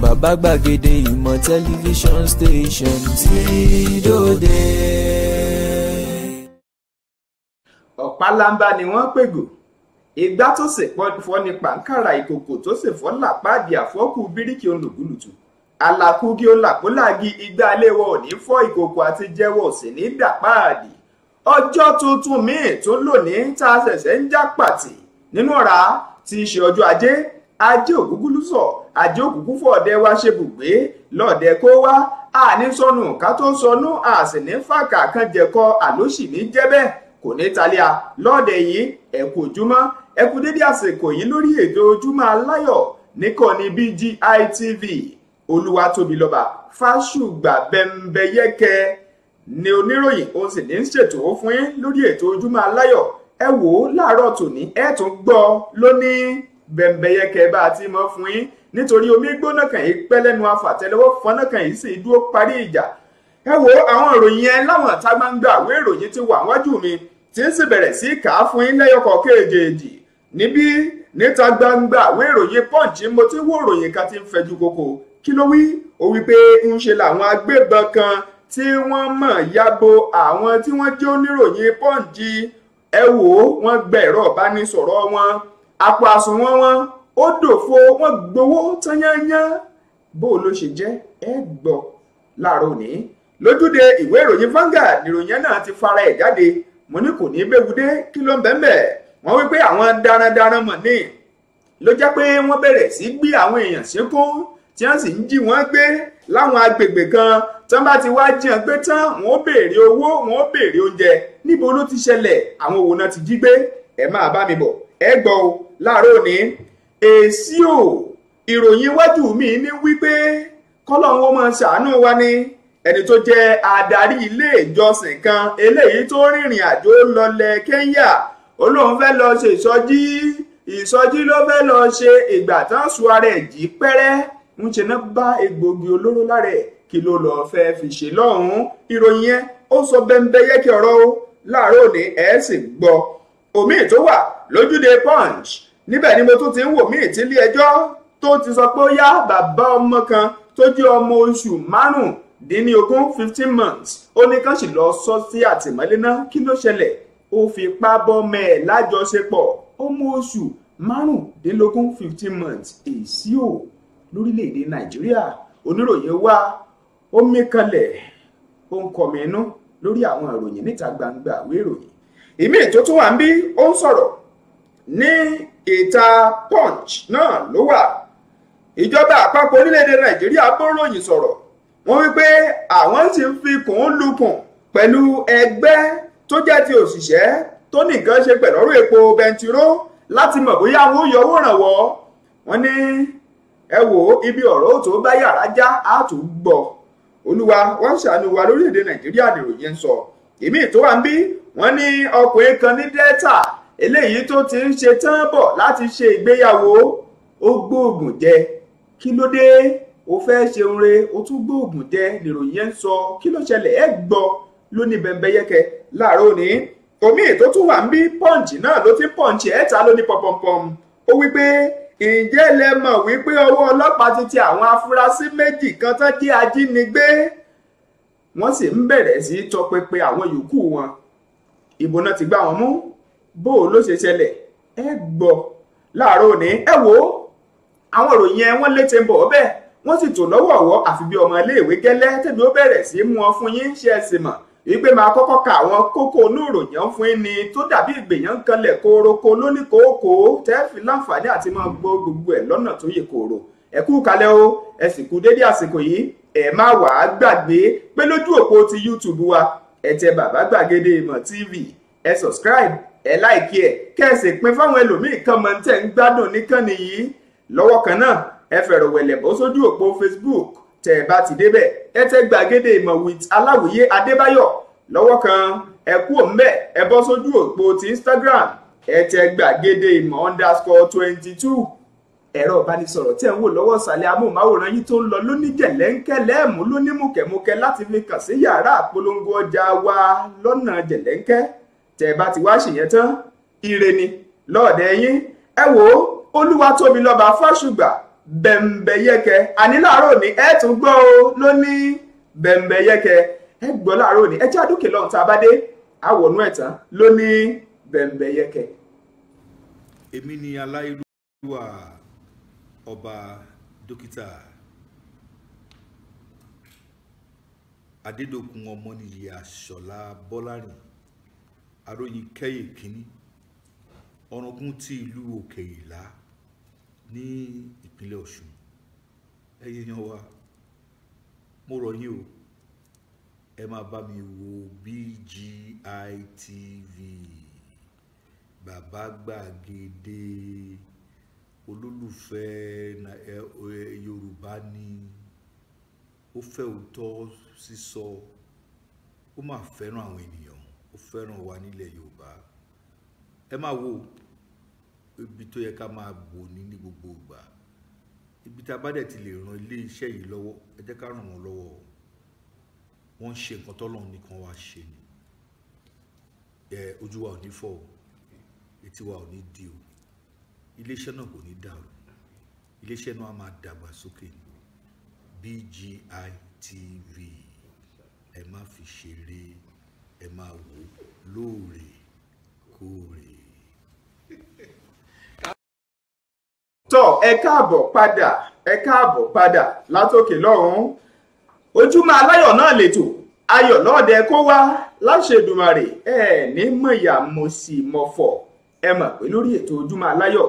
bàbá gbàgede ìmọ̀ tẹlifíṣọ̀n station ti dòde. ọ̀pá-làǹbà ni wọ́n pègò ìgbà tó sì fọ́ ní pàǹkàrà ìkòkò tó sì fọ́ làpáàdì àfọ́kù bíríkì olùgbùlùtù àlàkùgí olàkúlàgí igbá léwọ ò ní fọ́ ìkòkò àti jẹ́wọ́ sì ní dàpáàdì ọjọ́ tuntun míì tó lónìí tá a ṣẹ̀ṣẹ̀ ń já pàtì nínú ọ̀rá tí í ṣe ọjọ́ ajé ajé ògúngúlú sọ ajé òkùnkùn fọ ọdẹ wa ṣe bùgbé lọdẹ kó wá àní sọnù ká tó sọnù àsìní fàkà kan jẹkọ àlóṣì ní jẹbẹ kò ní talíà lọdẹ yìí ẹkú ojúmọ́ ẹkú dédé àsìkò yìí lórí ètò ojúmọ́ aláyọ̀ níkànnì BGI TV olúwatóbilọ́ba fásùgbà bẹ́ńbẹ́yẹ́kẹ́ ni oníròyìn òun sì ní ṣètò fún yín lórí ètò ojúmọ́ aláyọ̀ ẹ wò ó láàárọ̀ tòní ẹ tún gbọ́ lónìí bẹ̀m̀bẹ̀yẹkẹ̀ bá a ti mọ̀ fún yín nítorí omi gbóná kàn yín pẹ́ lẹ́nu afàtẹ́lẹwọ́ fọ́nà kàn yín sì dúró parí ìjà ẹ wo àwọn ìròyìn yẹn láwọn ìta gbangba àwọn ìròyìn ti wà wájú mi tí ń sì bẹ̀rẹ̀ sí kà á fún yín lẹ́yọkọ̀ kéèjèèjì níbí níta gbangba àwọn ìròyìn pọ́ǹchì mo ti wo ìròyìn kan ti ń fẹjú koko kí ló wí ó wí pé ń ṣe làwọn agbébọn kan tí wọ́n mọ̀ ya àwọn tí wọ́n jẹ́ oníròyìn pọ́ǹchì ẹ wò ó wọ́n gbẹ̀rọ̀ bá ní sọ̀rọ̀ wọn àpò àsùnwọ̀n wọn ó dòfo wọn gbowó tányányán bó ló ṣe jẹ́ ẹ gbọ́ láàárọ̀ òní lójúde ìwé ìròyìn Vanguard nìròyìn náà ti fara ẹ̀ jáde mo ní kò ní bẹ́wudé kí ló ń bẹ́ẹ̀ wọ́n wí pé àwọn darandaran mọ̀ ní ló jẹ́ pé wọ́n bẹ̀rẹ̀ sí gbé àwọn èèyàn sínkú tí wọ́n sì ń jí wọ́n gbé láwọn agbègbè kan tí wọ́n bá ti wá jiyàn gbé tán wọ́n ó béèrè owó wọ́n ó béèrè oúnjẹ níbo ló ti ṣẹlẹ̀ àwọn òwò náà ti jí gbé ẹ máa bá mi bọ̀ ẹ gbọ́ o láàárọ̀ òní èsì ò ìròyìn iwájú mi ní wípé kọ́lọ́hún ó máa ṣàánú wa ni ẹni tó jẹ́ adarí ilé ìjọsìn kan eléyìí tó rìnrìn àjò lọlẹ̀ Kẹ́ńyà ó lóun fẹ́ lọ ṣe ìsọjí ìsọjí ló fẹ́ lọ ṣe ìgbà tán sùn ara ẹ̀ jí pẹ́rẹ́ ń ṣe náà bá egbògi olóró lára ẹ̀ kí ló lọ́ọ́ fẹ́ fi ṣe lọ́hùn-ún ìròyìn yẹn ó sọ bẹ́ńbẹ́yẹ́kẹ́ ọ̀rọ̀ o láàárọ̀ òní ẹ̀ sì gbọ́ òmíì tó wà lójúde punch níbẹ̀ ni mo tún ti ń wò míì tí ilé ẹjọ́ tó ti sọ pé ó yá bàbá ọmọ kan tó jẹ́ ọmọ oṣù márùndínlógún fifteen months ó ní kán sì lọ sọ sí àtìmọ́lé náà kí ló ṣẹlẹ̀ ó fipá bọ́mọ ẹ̀ lájọṣepọ̀ ọmọ oṣù márùndínlógún fifteen months èsì ò lórílẹ̀‐èdè nàìjíríà oníròyìn wa ó mí kanlẹ̀ ó ń kọ̀mínú lórí àwọn ìròyìn níta gbangba ìwé ìròyìn ìmí ètò tó wà ń bí ó ń sọ̀rọ̀ ní ìta punch náà ló wà ìjọba àpapọ̀ orílẹ̀-èdè nàìjíríà bóròyìn sọ̀rọ̀ wọ́n wípé àwọn sì ń fi kùn ún lukùn pẹ̀lú ẹgbẹ́ tó jẹ́ ti òṣìṣẹ́ tó nìkan ṣe pẹ̀lú ọ̀rọ̀ epo bẹntiró láti mọ̀ bóyá àwọn ò yọwọ́ rànwọ́ wọ́n ní ẹ wò ó ibi ọ̀rọ̀ ò tó bá yàrá já á tó gbọ́ olúwa wọ́n ṣàánú wa lórílẹ̀‐èdè nàìjíríà nìròyìn ń sọ èmi tó ń bí wọ́n ní ọkùnrin kan ní delta eléyìí tó ti ń ṣe tán bọ̀ láti ṣe ìgbéyàwó ó gbóògùn jẹ kí ló dé ó fẹ́ ṣeun re ó tún gbóògùn jẹ nìròyìn yẹn ń sọ kí ló ṣẹlẹ̀ ẹ gbọ́ ló ní bẹ̀m̀bẹ̀ yẹ́kẹ́ láàárọ̀ òní omi tó tún wà ń bí pọ́ǹchì náà ló ti pọ́ǹchì ẹ̀ta ló ní pọ̀pọ̀pọ̀m ó wí pé ǹjẹ́ lẹ mọ̀ wípé ọwọ́ ọlọ́pàá ti ti àwọn afurasí méjì kan tán jẹ́ ajínigbé wọ́n sì ń bẹ̀rẹ̀ sí tọpinpin àwọn yòókù wọn ìbò náà ti gbá wọn mú bó o ló ṣe ṣẹlẹ̀ ẹ gbọ́ láàárọ̀ òní ẹ wò ó àwọn ìròyìn ẹ wọ́n létí ń bọ̀ ọ́ bẹ́ẹ̀ wọ́n sì tò lọ́wọ́ ọ̀wọ́ àfi bí ọmọ iléèwé gẹ́lẹ́ tẹ̀bí ó bẹ̀rẹ̀ sí í mú ọ fún yín ṣe ẹ̀sìn mọ̀ wípé máa kọ́kọ́ ka àwọn kókó inú ìròyìn ọ̀hún fún yín ni tó dàbí ìgbèyàn kanlẹ̀ kóróko lóníkòókò tẹ́ẹ̀fì láǹfààní àti máa gbọ́ gbogbo ẹ̀ lọ́nà tó yẹ kóró ẹ kú kalẹ̀ o ẹ sì kú dédé àsìkò yìí ẹ má wàá gbàgbé pé lójú òpó ti YouTube wa ẹ tẹ bàbá gbàgede ìmọ̀ TV ẹ subscribe ẹ láìkí ẹ kẹsì pin fáwọn ẹlòmíì kan mọ tẹ ń gbádùn níkànnì yìí lọ́wọ́ kan náà ẹ fẹ̀rọ̀ wẹ̀lẹ̀ bọ́ sójú òpó Facebook tẹ ẹ bá ti débẹ̀ ẹ tẹ gbàgede ìmọ̀ with aláwòye adébáyọ̀ lọ́wọ́ kan ẹ kú òǹbẹ ẹ bọ́ sójú òpó ti Instagram ẹ tẹ gbàgede ìmọ̀ underscore twenty two ẹ̀rọ ìbánisọ̀rọ̀ tí ẹ̀ ń wò lọ́wọ́ ìsàlẹ̀ amóhùnmáwòrán yìí tó ń lọ lóníjẹ̀lẹ́ńkẹ́ lẹ́ẹ̀mú lónímùkẹ́mùkẹ́ láti fi kàn sí yàrá àpolongo ọjà wa lọ́nà jẹ̀lẹ́ńkẹ́ tẹ̀ bá ti wá ṣèyẹn tán ire ni lọ́ọ̀dẹ yín ẹ wò ó olúwa tóbi lọ́ba fáṣùgbà bẹ̀m̀bẹ̀yẹkẹ àní láàárọ̀ ni ẹ tún gbọ́ o ló ní bẹ̀m̀bẹ̀yẹkẹ ẹ gbọ́ láàárọ̀ ni ẹ já dókè lọ́hùn tá a bá dé àwọ̀nú ẹ̀ tán ló ní bẹ̀m̀bẹ̀yẹkẹ. èmi ni aláìlúwà ọba dókítà adédọ̀kun ọmọnìyí àṣọlá bọ́lárìn aróyinkẹ́yè kínní ọ̀ràngún ti ìlú òkè ìlá ní ìpínlẹ̀ ọ̀ṣun ẹ̀yin èèyàn wa mo rọ̀ yín o ẹ máa bá mi wo BGI TV bàbá gbàgede olólùfẹ́ yorùbá ni ó fẹ́ òótọ́ sísọ ó máa fẹ́ràn àwọn ènìyàn ó fẹ́ràn wa nílẹ̀ yorùbá ẹ máa wo ibi tó yẹ ká máa bò ní ní gbogbo ìgbà ibi tá a bá dẹ̀ ti lè ran ilé iṣẹ́ yìí lọ́wọ́ ẹ jẹ́ ká ràn wọ́n lọ́wọ́ wọ́n ń ṣe nǹkan tọ́lọ́run nìkan wá ṣe ni ẹ ojú wa ò ní fọ́ o etí wa ò ní di o iléeṣẹ́ náà kò ní dàrú iléeṣẹ́ náà a máa dàgbà sókè BGI TV ẹ má fi ṣeré ẹ máa wò ó lóòrèkóòrè. tọ́ ẹ káàbọ̀ padà ẹ káàbọ̀ padà látòkè lọ́hùn-ún ojúmọ́ aláyọ̀ náà lètò ayọ̀ lọ́ọ̀dẹ kó wá láṣẹ Èdùmàrè ẹ ní mọ̀yà mo sì mọ̀fọ̀ ẹ mọ̀ pé lórí ètò ojúmọ́ aláyọ̀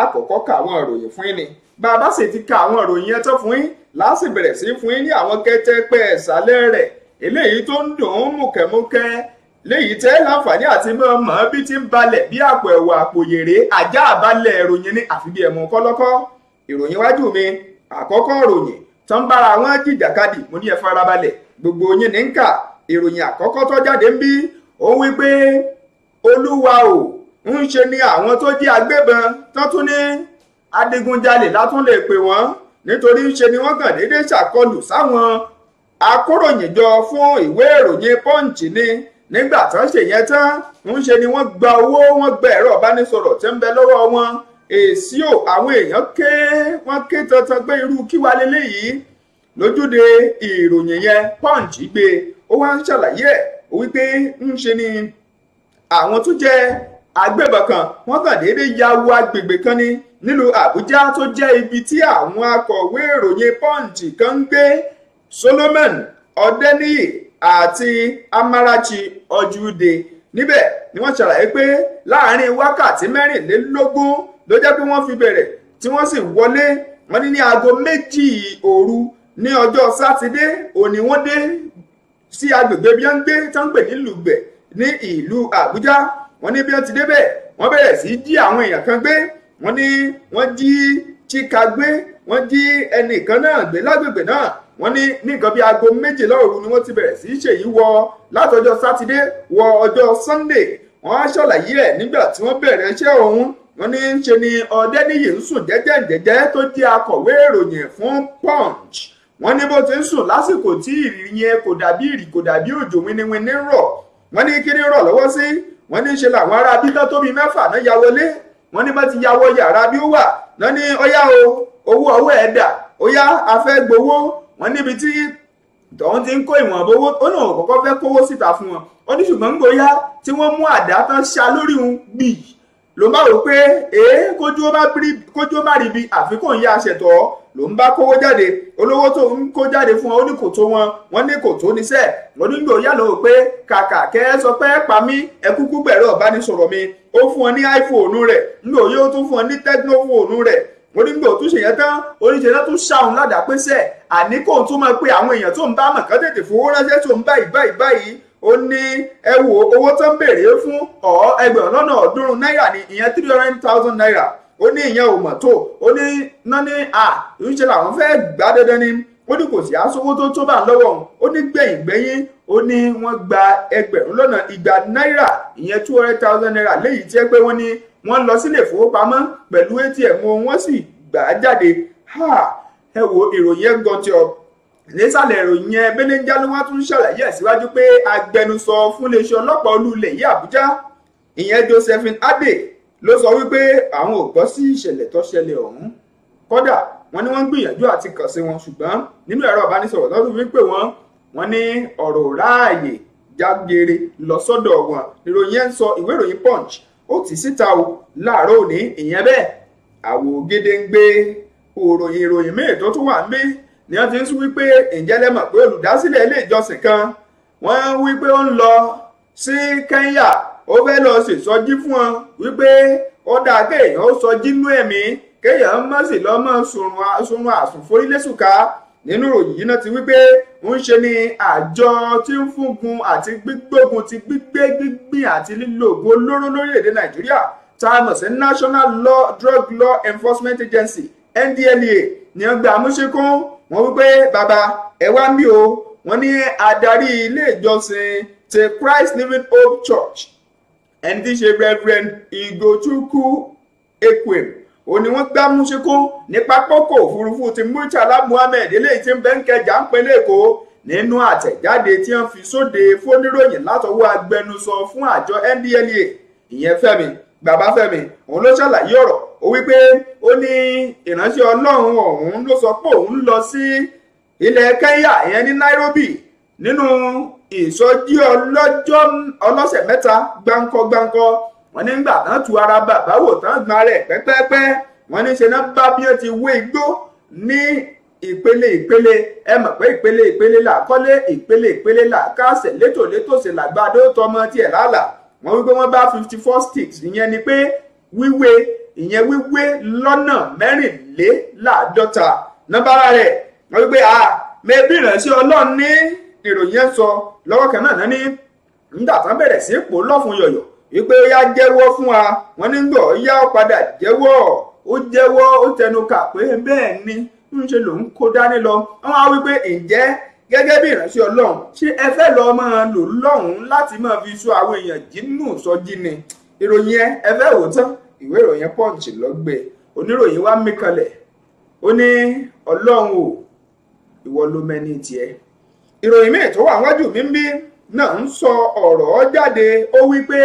àkọ́kọ́ ka àwọn ìròyìn fún ni bá sì ti ka àwọn ìròyìn yẹn tán fún yín láti bẹ̀rẹ̀ sí fún yín ní àwọn kẹ́tẹ́pẹ́ ẹ̀sálẹ́ rẹ̀ eléyìí tó ń dùn ún múkẹ́múkẹ́ léyìí tẹ́ láǹfààní àti mọ́ mọ́ bí ti ń balẹ̀ bí àpò ẹ̀wọ̀ àpò yèrè ajá àbálẹ̀ ìròyìn ní àfi bí ẹ̀mú kọ́lọ́kọ́ ìròyìn wájú mi àkọ́kọ́ ìròyìn tán bára wọn jìjàkadì mo ní ẹ farabalẹ̀ gbogbo yín ní ń kà ìròyìn àkọ́kọ́ tó jáde ń bí ó wí pé olúwa ò ń ṣe ni àwọn tó jí agbébọn tó tún ní adigunjalè látún lè pè wọ́n nítorí ń ṣe ni wọ́n kàn déédéé ṣàkọlù sáwọn akóròyìn jọ fún ìwé ìròyìn pọ́ǹchì ni nígbà tó ń ṣe yẹn tán ń ṣe ni wọ́n gba owó wọ́n gba ẹ̀rọ ìbánisọ̀rọ̀ tí ń bẹ lọ́wọ́ wọn èsì ò àwọn èèyàn ké wọ́n ké tantan pé irú kí wá leléyìí lójúde ìròyìn yẹn pọ́ǹchì gbé ó wá ń ṣàlàyé ẹ̀ wípé ń ṣe ni àwọn tó jẹ́ agbébọn kan wọ́n kàn déédéé ya wo agbègbè kan ní nílùú àbújá tó jẹ́ ibi tí àwọn akọ̀wé ìròyìn pọ́ǹtì kan ń gbé Solomon Ọdẹ́níyì àti Amarachi Ọjúde níbẹ̀ ni wọ́n ṣàlàyé pé láàrin wákàtí mẹ́rìnlélógún ló jẹ́ pé wọ́n fi bẹ̀rẹ̀ tí wọ́n sì wọlé wọ́n ní ní aago méjì òru ní ọjọ́ sátidé òní wọ́n dé sí agbègbè bí wọ́n ń gbé tí wọ́n ń pè ní lùgbẹ̀ ní ìlú àbújá wọ́n ní bí wọ́n ti débẹ̀ wọ́n bẹ̀rẹ̀ sí jí àwọn èèyàn kan gbé wọ́n ní wọ́n jí chika gbé wọ́n jí ẹnìkan náà gbé lágbègbè náà wọ́n ní ní nǹkan bíi aago méjìlá òru ni wọ́n ti bẹ̀rẹ̀ sí í ṣèyí wọ látọjọ́ sátidé wọ ọjọ́ sunday wọ́n á ṣàlàyé ẹ̀ nígbà tí wọ́n bẹ̀rẹ̀ iṣẹ́ ọ̀hún wọ́n ní ń ṣe ni ọ̀dẹ́nìyí ń sùn jẹ́jẹ́jẹ́jẹ́ tó jẹ́ akọ̀wé ìròyìn fún punch wọ́n ní bó ti ń sùn lásìkò tí ìrì yẹn kò dàbí ìrì kò dàbí òjò winiwini rọ̀ wọ́n ní kí ni rọ̀ lọ́wọ́ sí wọ́n ní ṣe làwọn ará abíkán tóbi mẹ́fà náà ya wọlé wọ́n ní bá ti ya wọ yàrá bí ó wà náà ní ọyá o owó ọwọ́ ẹ̀ dà ó yá a fẹ́ gbowó wọn níbi tí tọ́hún ti ń kó ìwọ̀n bówó ó náà kọ́kọ́ fẹ́ kówó síta fún wọn ó ní ṣùgbọ́n ń gbóyá tí wọ́n mú àdá tán ṣá lórí òun gbì ló bá wò pé èé kójú ó má rí bi àfikún ìyá aṣẹ̀tọ́ ló ń bá kówó jáde olówó tó ń kó jáde fún wọn ó ní kò tó wọn wọn ní kò tó níṣẹ́ wọn ní gbòóyà lọ wò pé kàkà kẹ́ ẹ sọ pé pa mí ẹ kúkú gbẹ̀rọ ìbánisọ̀rọ̀ mi ó fún ọ ní iPhone rẹ̀ ń gbòóyà ó tún fún ọ ní Tecno fóònù rẹ̀ onígbò tún ṣe yẹn tán oníṣẹ́ náà tún ṣàwọn ládàá pé sẹ́ àní kò tún máa pe àwọn èèyàn tó ń bá mọ̀kán tètè fowó ránṣẹ́ tó ń báyìí báyìí báyìí ó ní ẹ wo owó tó ń béèrè fún ọ̀ ẹgbẹ̀rún lọ́nà ọ̀ọ́dúnrún náírà ni ìyẹn three hundred thousand naira ó ní ìyẹn ò mọ̀ tó ó ní ná ní à ìrúṣẹ́ làwọn fẹ́ gbá dandan ni ó ní kò sí aṣọ́wó tó tó bá lọ́wọ́ òun ó ní gbẹ̀yìn gbẹ̀yìn ó ní wọ́n gba ẹgbẹ̀rún lọ́nà ìgbà náírà ìyẹn two hundred thousand naira léyìí tí ẹ pé wọ́n ní wọ́n lọ sílé ìfowópamọ́ pẹ̀lú atm wọ́n sì gbà á jáde ẹ wo ìròyìn ẹ̀ gan ti ọ nísàlẹ̀ ìròyìn yẹn Belenja ló wá tún ṣàlàyé ẹ̀ pé agbẹnusọ fún iléeṣẹ́ ọlọ́pàá olú yìí Àbújá ìyẹn Josephine Adé ló sọ wípé àwọn ò gbọ́ sí ìṣẹ̀lẹ̀ tó ṣẹlẹ̀ ọ̀hún kódà wọ́n ní wọ́n ń gbìyànjú àti kàn sí wọn ṣùgbọ́n nínú ẹ̀rọ ìbánisọ̀rọ̀ lọ́dún wípé wọ́n wọ́n ní ọ̀rọ̀ ráàyè jágere lọ sọ́dọ̀ wọn ìròyìn ẹ̀ ń sọ ìwé ìròyìn Punch ó ti síta o láàárọ̀ òní ìyẹn bẹ́ẹ̀ àwò gédéǹgbé òròyìn ìròyìn míì tó tún wà ń bí ni wọ́n ti ń sún wípé ǹjẹ́ lẹ́mọ̀ pé olùdásílẹ̀ ilé ìjọsìn kan wọ́n wípé ó ń lọ sí Kẹ́ńyà ó fẹ́ lọ ṣèsọjí fún wọn wípé ó dáa kéèyàn ó sọjí nú ẹ̀mí kéèyàn má sì lọ́ mọ́ sunrun àsùnforílẹ̀sùká nínú ìròyìn yìí náà ti wípé ń ṣe ni àjọ tí ń fúngun àti gbígbógun ti gbígbé gbígbìn àti lílo oògùn olóró lórílẹ̀ nàìjíríà tá sí national law drug law enforcement agency ndlea ni wọ́n gba àmúṣekún wọ́n wípé bàbá ẹ wá mí o wọ́n ní adarí ilé ìjọsìn ti christ living hope church ẹni tí í ṣe reverend igochukwu ekwem ó ní wọ́n gbá múṣekú ní pápákọ̀ òfurufú ti Murtala Muhammed eléyìí tí ń bẹ ń kẹjà ń pinlẹ̀ èkó nínú àtẹ̀jáde tí wọ́n fi sóde fóníròyìn látọwọ́ agbẹnusọ fún àjọ NDLEA ìyẹn Fẹ́mi Babafẹ́mi òun ló ṣàlàyé ọ̀rọ̀ ó wípé ó ní ìránṣẹ́ Ọlọ́run ọ̀hún ló sọ pé òun lọ sí ilẹ̀ Kenya ìyẹn ní Nairobi nínú ìsọjí ọlọ́jọ́ ọlọ́sẹ̀ mẹ́ta gbáǹkọ́ gbáǹkọ́ wọ́n nígbà tán tu ara bàbá wò tán gbọ́n rẹ̀ pẹ́pẹ́pẹ́ wọ́n ní ṣe náà bá bí ó ti wé igbó ní ìpele ìpele ẹ mọ̀ pé ìpele ìpele là kọ́lé ìpele ìpele là káàsẹ̀ létòlétòsè làgbàdo tọmọ tiẹ̀ lálà wọ́n wí pé wọ́n bá fifty four sticks ìyẹn ni pé wíwé ìyẹn wíwé lọ́nà mẹ́rìnléláàádọ́ta nọ́bàrà rẹ̀ wọ́n wí pé a mẹ́bí ìránṣẹ́ ọlọ́run ní ìròyìn ẹ̀ sọ lọ́wọ́ kan náà ní nígbà tán bẹ̀rẹ̀ sí pò lọ́fun yọ̀yọ̀ wípé ó yá jẹ́wọ́ fún wa wọ́n nígbọ̀ ó yá ó padà jẹ́wọ́ ó jẹ́wọ́ ó tẹnu kà pé bẹ́ẹ̀ ni ń ṣe lòun kó dání lọ wọ́n á wípé ǹjẹ́ gẹ́gẹ́ bí ìránṣẹ́ ọlọ́run ṣé ẹ fẹ́ lọ máa lò lọ́hùn-ún láti máa fi sọ àwọn èèyàn jínú sọjí ni ìròyìn ẹ ẹ fẹ́ wò tán ìwé ìròyìn punch lọ́gbẹ̀ẹ́ oníròyìn wa mí kanlẹ̀ ó ní ọlọ́run o ìwọ ló mẹ́ni tiẹ̀ ìròyìn míì tó wà wájú mi ń bí náà ń sọ ọ̀rọ̀ jáde ó wí pé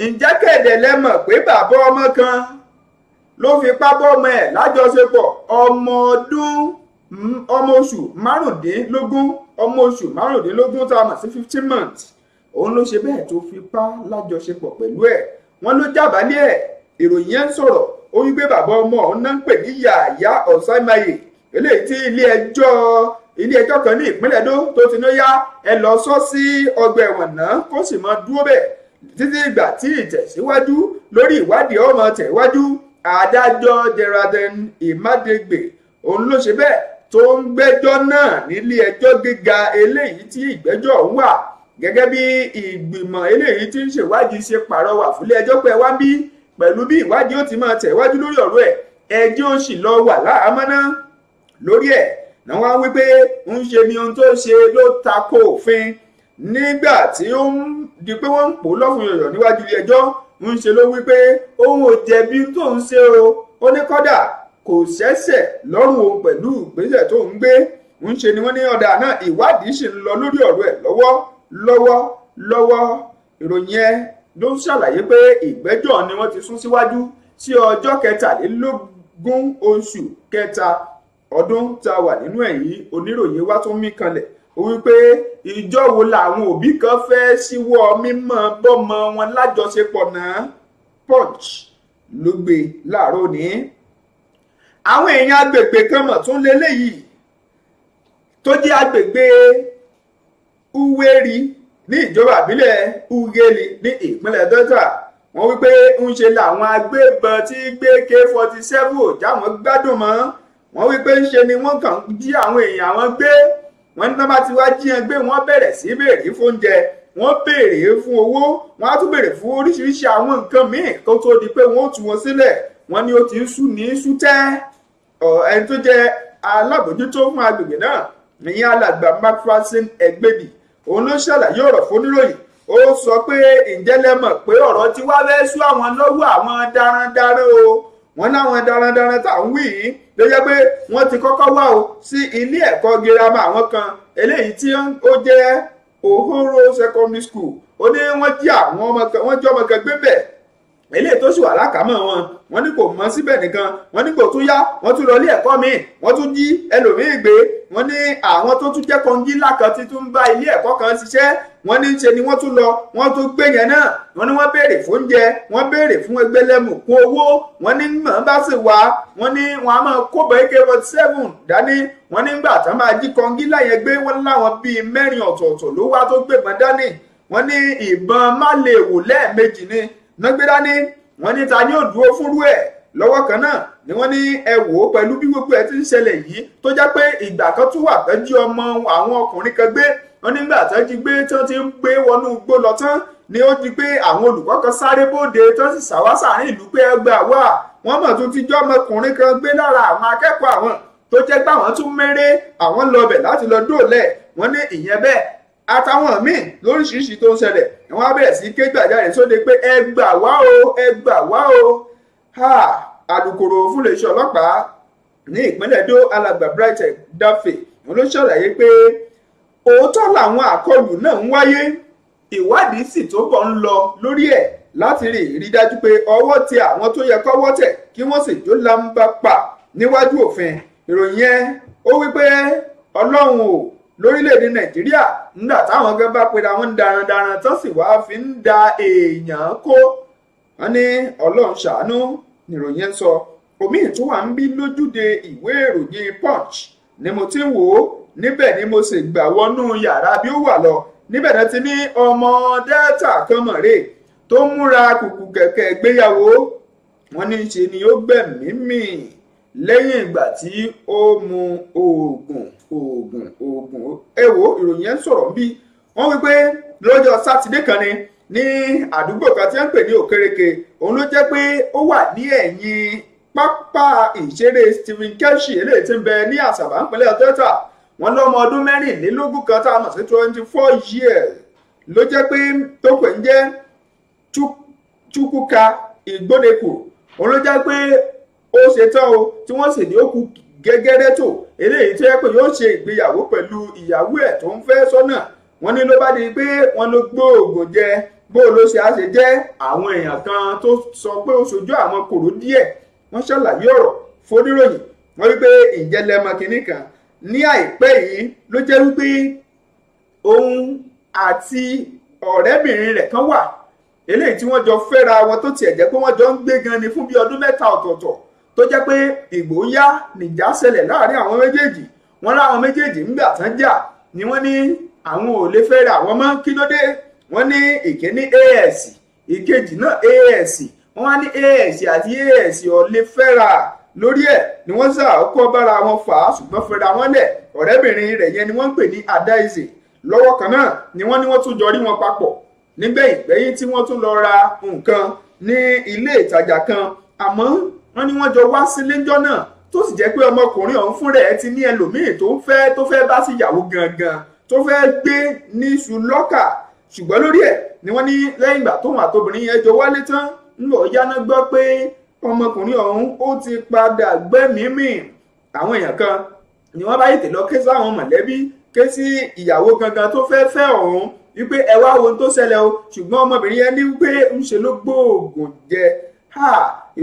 ǹjẹ́ kẹ̀dẹ̀ lẹ mọ̀ pé bàbá ọmọ kan ló fipá bọ́mọ ẹ̀ lájọṣepọ̀ ọmọ ọdún mm, ọmọ oṣù márùndínlógún ọmọ oṣù márùndínlógún tá a mọ̀ sí fifteen months òun ló ṣe bẹ́ẹ̀ tó fipá lájọṣepọ̀ pẹ̀lú ẹ̀ wọ́n ló jábàálẹ̀ ẹ̀ ìròyìn yẹn ń sọ̀rọ̀ ó wí pé bàbá ọmọ ọ̀hún náà ń pè ní yàyà ọ̀sáìmáyè eléyìí tí ilé ẹjọ́ ilé ẹjọ́ kan ní ìpínlẹ̀ Ẹdó tó ti ní ó yá ẹ lọ sọ sí ọgbà ẹ̀wọ̀n náà kó sì mọ dúró bẹ́ẹ̀ títí ìgbà tí ìtẹ̀síwájú lórí ìwádìí ọmọ tẹ̀wájú adájọ́ Jeraden Imadegbe òun ló ṣe bẹ́ẹ̀ tó ń gbẹ́jọ́ náà nílé ẹjọ́ gíga eléyìí tí ìgbẹ́jọ́ ọ̀hún wà gẹ́gẹ́ bí ìgbìmọ̀ eléyìí tí ń ṣèwádìí ṣe pàrọwà fúnlé ẹjọ́ pé wá bí pẹ̀lú bí ìwádìí ó ti máa tẹ̀wájú lórí ọ̀rọ̀ ẹ̀ ẹjọ́ ó sì lọ wà láhàámọ́ náà lórí ẹ̀ náà wá wípé ń ṣe ni ohun tó ṣe ló tako òfin nígbà tí ó ń di pé wọ́n ń pò lọ́fun yọ̀yọ̀ níwájú ilé ẹjọ́ ń ṣe ló wí pé òun ò jẹ̀bi tó ń ṣe o ó ní kọ́dà kò ṣẹ̀ṣẹ̀ lọ́rùn òun pẹ̀lú ìgbésẹ̀ tó ń gbé ń ṣe ni wọ́n ní ọ̀dà náà ìwádìí ṣì ń lọ lórí ọ̀rọ̀ ẹ̀ lọ́wọ́ lọ́wọ́ lọ́wọ́ ìròyìn ẹ ló ń ṣàlàyé pé ìgbẹ́jọ́ ni wọ́n ti sún síwájú sí ọjọ́ kẹtàlélógún oṣù kẹta ọdún tá a wà nínú èyí oníròyìn wa tún mí kanlẹ̀ wípé ìjọ wo làwọn òbí kan fẹ́ síwọ́ mímọ́ bọ́mọ wọn lájọṣepọ̀ náà punch ló gbé láàárọ̀ ní. àwọn èèyàn agbègbè kan mọ̀ tún lélẹ́yìí tó jẹ́ agbègbè uweri ní ìjọba ìbílẹ̀ ugeli ní ìpínlẹ̀ delta wọ́n wípé ń ṣe làwọn agbébọn tí gbé k47 jáwọn gbádùn mọ́ wọ́n wípé ń ṣe ni wọ́n kàn jí àwọn èèyàn àwọn gbé wọ́n ní tọ́ba ti wá jíyan gbé wọ́n bẹ̀rẹ̀ sí béèrè fún oúnjẹ wọ́n béèrè fún owó wọ́n á tún béèrè fún oríṣiríṣi àwọn nǹkan míì kó tó di pé wọ́n ó tú wọn sílẹ̀ wọ́n ní ó ti ń sùn ní sútẹ́ ẹni tó jẹ́ alábòjútó fún agbègbè náà ìyẹn alàgbà macpherson ẹgbẹ́bì òun ló ṣàlàyé ọ̀rọ̀ fóníròyìn ó sọ pé ǹjẹ́ lẹ mọ̀ pé ọ̀rọ̀ ti wá fẹ́ sú àwọn lọ́wọ́ àwọn darandaran o wọ́n láwọn darandaran tá à ń wí yìí ló jẹ́ pé wọ́n ti kọ́kọ́ wá o sí ilé ẹ̀kọ́ girama àwọn kan eléyìí tí ó jẹ́ Ohoro secondary school ó ní wọ́n jí àwọn ọmọ kan wọ́n jí ọmọ kan gbé bẹ̀ eléyìí tó sì wà lákàmọ́ wọn wọ́n ní kò mọ síbẹ̀ nìkan wọ́n ní kò tún yá wọ́n tún lọ ilé ẹ̀kọ́ míì wọ́n tún jí ẹlòmíì gbé wọ́n ní àwọn tó tún jẹ́ kọ́ńgílà kan ti tún bá ilé ẹ̀kọ́ kan ṣiṣẹ́ wọ́n ní ṣe ni wọ́n tún lọ wọ́n tún gbé yẹn náà wọ́n ní wọ́n béèrè fún oúnjẹ wọ́n béèrè fún ẹgbẹ́lẹ́mù kún owó wọ́n ní mọ̀ bá sì wá wọ́n ní wọ́n á máa kóbọ̀ ak forty seven dání wọ́n nígbà tán máa jí kọngílà yẹn gbé wọ́n láwọn bíi mẹ́rin ọ̀tọ̀ọ̀tọ̀ ló wá tó gbébọn dání wọ́n ní ìbọn má lè wò lẹ́ẹ̀mejì ni nọgbé dání wọ́n ní ta ni ó dúró fúnrú ẹ̀ lọ́wọ́ kan náà ni wọ́n ní ẹ wò ó pẹ̀lú bí gbogbo ẹ ti ń ṣẹlẹ̀ yìí tó jẹ́ pé ìgbà kan tún wà pẹ́jú ọmọ àwọn ọkùnrin kan gbé wọn nígbà tó jí gbé tó ti ń gbé wọnú igbó lọ tán ni ó di pé àwọn olùkọ́ kan sáré bóde tó sì sá wá sáàrin ìlú pé ẹgbẹ́ àwa wọ́n mọ̀ tó ti jọ́ ọmọkùnrin kan gbé lára àwọn akẹ́kọ̀ọ́ àwọn tó jẹ́ pé àwọn tún méré àwọn lọbẹ̀ láti lọ dóòlẹ̀ wọ́n ní ìyẹn bẹ́ẹ̀ àtàwọn míì lóríṣiríṣi tó ń ṣẹlẹ̀ wọ́n á bẹ̀rẹ̀ sí ké gbàjáde sóde pé ẹ gbà wá o ẹ gbà wá o alukoro fúnléṣẹ́ ọlọ́pàá ní ìpínlẹ̀ Edo alàgbà Bright Dafe wọ́n ló ṣàlàyé pé òótọ́ làwọn àkọlù náà ń wáyé ìwádìí sì túbọ̀ ń lọ lórí ẹ̀ láti rí rí dájú pé ọwọ́ tẹ àwọn tó yẹ kọ́wọ́ tẹ̀ kí wọ́n sì jó lamba pa níwájú òfin ìròyìn yẹn ó wí pé ọlọ́run ò lórílẹ̀‐èdè nàìjíríà nígbà táwọn gẹ́gẹ́ bá pera wọn darandaran tán sì wá fi ń da èèyàn kó wọn ní ọlọ́run ṣàánú nìròyìn yẹn sọ omi ìtúwà ń bí lójúde ìwé ìròyìn punch ni mo ti wò ó níbẹ̀ ni mo sì gbà wọnú yàrá bí ó wà lọ níbẹ̀ náà ti ní ọmọ dẹ́ta kan mọ̀rẹ́ tó múra kùkù kẹ̀kẹ́ gbéyàwó wọn ní í ṣe ni ó gbẹ̀mí mì lẹ́yìn ìgbà tí ó mu oògùn oògùn oògùn ẹ wo ìròyìn yẹn ń sọ̀rọ̀ bí wọ́n wí pé lọ́jọ́ sátidé kan ni ní àdúgbò kan tí wọ́n ń pè ní òkèrèkè òun ló jẹ́ pé ó wà ní ẹ̀yìn pápá ìṣeré Stephen Keshi eléyìí tí ń bẹ ní àṣàbà ń pẹ̀lẹ́ ọ̀tẹ́ta wọ́n lọ́mọ ọdún mẹ́rìnlélógún kan tá a mọ̀ sí twenty four years ló jẹ́ pé tó pè ń jẹ́ chukwuka ìgbódekù òun ló jẹ́ pé ó ṣetán o tí wọ́n sì ní ó kú gẹ́gẹ́rẹ́ tó eléyìí tó yẹ pé yóò ṣe ìgbéyàwó pẹ̀lú ìyàwó ẹ̀ tó ń fẹ́ sọ́nà wọ́n ní ló bá di pé wọ́n ló gbóògùn jẹ bó ló ṣe á ṣe jẹ́ àwọn èèyàn kan tó sọ pé ó ṣojú àwọn kòró díẹ̀ wọ́n ṣàlàyé ọ̀rọ̀ fóníròyìn wọ́n rí pé ìjẹ́lẹ́mọ ní àìpẹ́ yìí ló jẹ́ wípé òun àti ọ̀rẹ́bìnrin rẹ̀ kan wà eléyìí tí wọ́n jọ fẹ́ra wọn tó tiẹ̀ jẹ́ pé wọ́n jọ ń gbé gan ni fún bí ọdún mẹ́ta ọ̀tọ̀ọ̀tọ̀ tó jẹ́ pé ìgbóyà nìjà ṣẹlẹ̀ láàrin àwọn méjèèjì wọ́n láwọn méjèèjì ńgbà tán jà ni wọ́n ní àwọn ò lè fẹ́ra wọn mọ́ kí ló dé wọ́n ní ìkíní AS ìkejì náà AS wọ́n wá ní AS àti AS ò lè fẹ́ra lórí ẹ̀ ni wọ́n sà ó kọ́ bára wọn fà á ṣùgbọ́n fẹ́ra wọn lẹ̀ ọ̀rẹ́bìnrin rẹ̀ yẹn ni wọ́n ń pè ní Adáìsè lọ́wọ́ kan náà ni wọ́n ní wọ́n tún jọ rí wọn papọ̀ nígbẹ̀yìn gbẹ̀yìn tí wọ́n tún lọ ra nǹkan ní ilé ìtajà kan àmọ́ wọ́n ní wọ́n jọ wá sílé ńjọ́ náà tó sì jẹ́ pé ọmọkùnrin ọ̀hún fúnra ẹ̀ ti ní ẹlòmíì tó fẹ́ tó fẹ́ bá síyàwó gangan tó fẹ́ gbé ní iṣu lọ́kà ṣùgbọ́n lórí ẹ̀ ni wọ́n ní lẹ́yìn ìgbà tóun àtobìnrin yẹn jọ wálé tán ńlọ yáná gbọ́ pé ọmọkùnrin ọ̀hún ó ti padà gbẹ́mìí mì àwọn èèyàn kan ni wọ́n bá yètè lọ ké sáwọn mọ̀lẹ́bí ké sí ìyàwó gangan tó fẹ́ fẹ́ ọ̀hún wípé ẹ wá wo ohun tó ṣẹlẹ̀ o ṣùgbọ́n ọmọbìnrin yẹn ní pé ń ṣe ló gbóògùn jẹ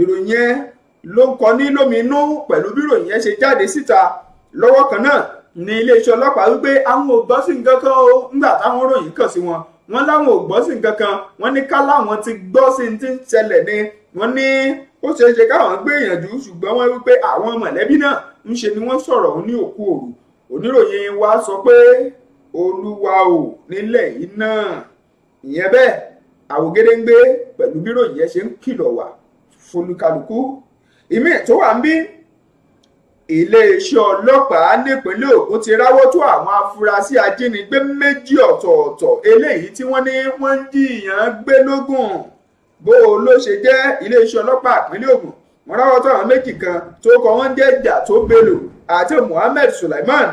ìròyìn yẹn ló ń kọ ní lóminú pẹ̀lú bí ìròyìn yẹn ṣe jáde síta lọ́wọ́ kan náà ní iléeṣẹ́ ọlọ́pàá wípé àwọn ò gbọ́ sí nǹkan kan o nígbà táwọn ròyìn kàn sí wọn wọn láwọn ò gbọ́ sí nǹkan kan wọn ní ká láwọn ti gbọ́ sí ti ń ṣẹlẹ̀ ni wọn ní ó ṣeé ṣe káwọn gbìyànjú ṣùgbọ́n wọ́n wí pé àwọn mọ̀lẹ́bí náà ń ṣe ni wọ́n sọ̀rọ̀ òun ní òkú òru oníròyìn wa sọ pé olúwa ò nílẹ̀ yìí náà ìyẹn bẹ́ẹ̀ àwògedengbe pẹ̀lú bí ròyìn yẹn ṣe ń kìlọ̀ wá folúkálùkù ìmí tó wà ń bí iléeṣẹ́ ọlọ́pàá nípínlẹ̀ Ògùn ti ráwọ́ tó àwọn afurasí ajínigbé méjì ọ̀tọ̀ọ̀tọ̀ eléyìí tí wọ́n ní wọ́n ń jiyàn gbé lógún bó o ló ṣe jẹ́ iléeṣẹ́ ọlọ́pàá ìpínlẹ̀ Ògùn wọ́n ráwọ́ tó àwọn méjì kan tó kọ wọ́n jẹ́ ìjà tó belò àti Muhammed Sulaiman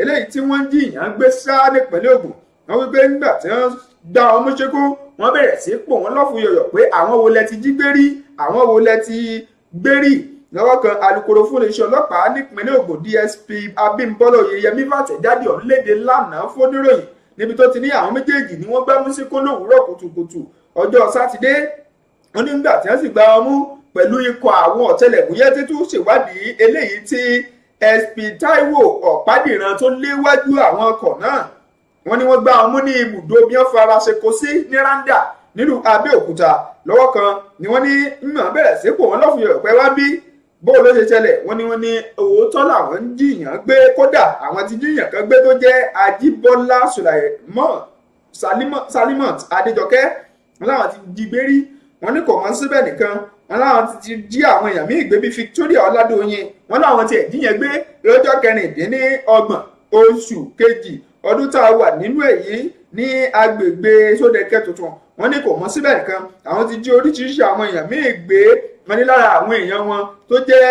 eléyìí tí wọ́n ń jiyàn gbé sá nípínlẹ̀ Ògùn wọ́n wípé nígbà tí wọ́n gba ọmú ṣekú wọ́n bẹ̀rẹ̀ sí pò wọ́n lọ́fun yọ̀yọ̀ pé àwọn wo lẹ ti jí gbérí àwọn wo lẹ ti gbérí lọ́wọ́ kan alukoro fún iléeṣẹ́ ọlọ́pàá nípínlẹ̀ Ògùn DSP Abímbọ́lá Oyèyẹmí fàtẹ̀jáde ọ̀hún léde lánàá fóníròyìn níbi tó ti ní àwọn méjèèjì ni wọ́n gbá mú sí kó lówùúrọ̀ kùtùkùtù ọjọ́ sátidé wọ́n ní nígbà tí wọ́n sì gba wọn mú pẹ̀lú àwọn ọ̀tẹlẹ̀múyẹ́ tí ṣèwádìí eléyìí tí sp taiwo ọ̀pádìran tó léwájú àwọn ọkọ̀ náà wọ́n ní wọ́n gbá wọn ní ibùdó bí wọ́n fara ṣeko sí ní randa nílùú abẹ́òkúta lọ́wọ́ kan ni wọ́n ní mímọ́ bẹ̀rẹ̀ sípò wọn lọ́fíìyàn pẹ́ wá bí bóun ló ṣe ṣẹlẹ̀ wọ́n ní wọ́n ní òótọ́ làwọn ń jiyàn gbé kódà àwọn ti jiyàn kan gbé tó jẹ́ ajíbọ́lá sulaimon salimot adéjọkẹ́ wọn làwọn ti jí gbé rí wọ́n ní kò wọ́n síbẹ̀ nìkan wọ́n láwọn ti jí àwọn èèyàn míì gbé bíi Victoria Ọládòyin wọ́n láwọn ti ẹ̀dínyẹn gbé lọ́jọ́ kẹrìndínlọ́gbọ̀n oṣù kejì ọdún tá a wà nínú èyí ní agbègbè Sódẹ̀kẹ́ tuntun wọ́n ní kò mọ síbẹ̀ nìkan àwọn ti jí oríṣiríṣi àwọn èèyàn míì gbé wọ́n ní lára àwọn èèyàn wọn tó jẹ́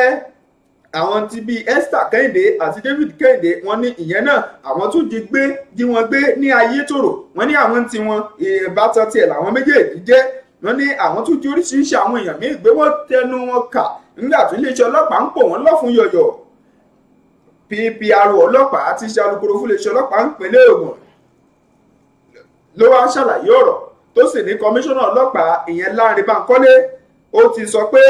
àwọn ti bíi Esther Kẹ́hìndé àti David Kẹ́hìndé wọ́n ní ìyẹn náà àwọn tún jí gbé jí wọn gbé ní Ayétòrò wọ́n ní àwọn tiwọn ìbátan tiẹ̀ làwọn méjèèjì jẹ́ wọ́n ní àwọn tún ti oríṣiríṣi àwọn èèyàn míì gbé wọ́n tẹnu wọn kà nígbà tí iléeṣẹ́ ọlọ́pàá ń pò wọ́n lọ́fun yọ̀yọ̀ PPRO ọlọ́pàá ti ṣe alukoro fún iléeṣẹ́ ọlọ́pàá ìpínlẹ̀ Ògùn ló wá ṣàlàyé ọ̀rọ̀ tó sì ní kọmíṣánná ọlọ́pàá ìyẹn Lánrè Bankole ó ti sọ pé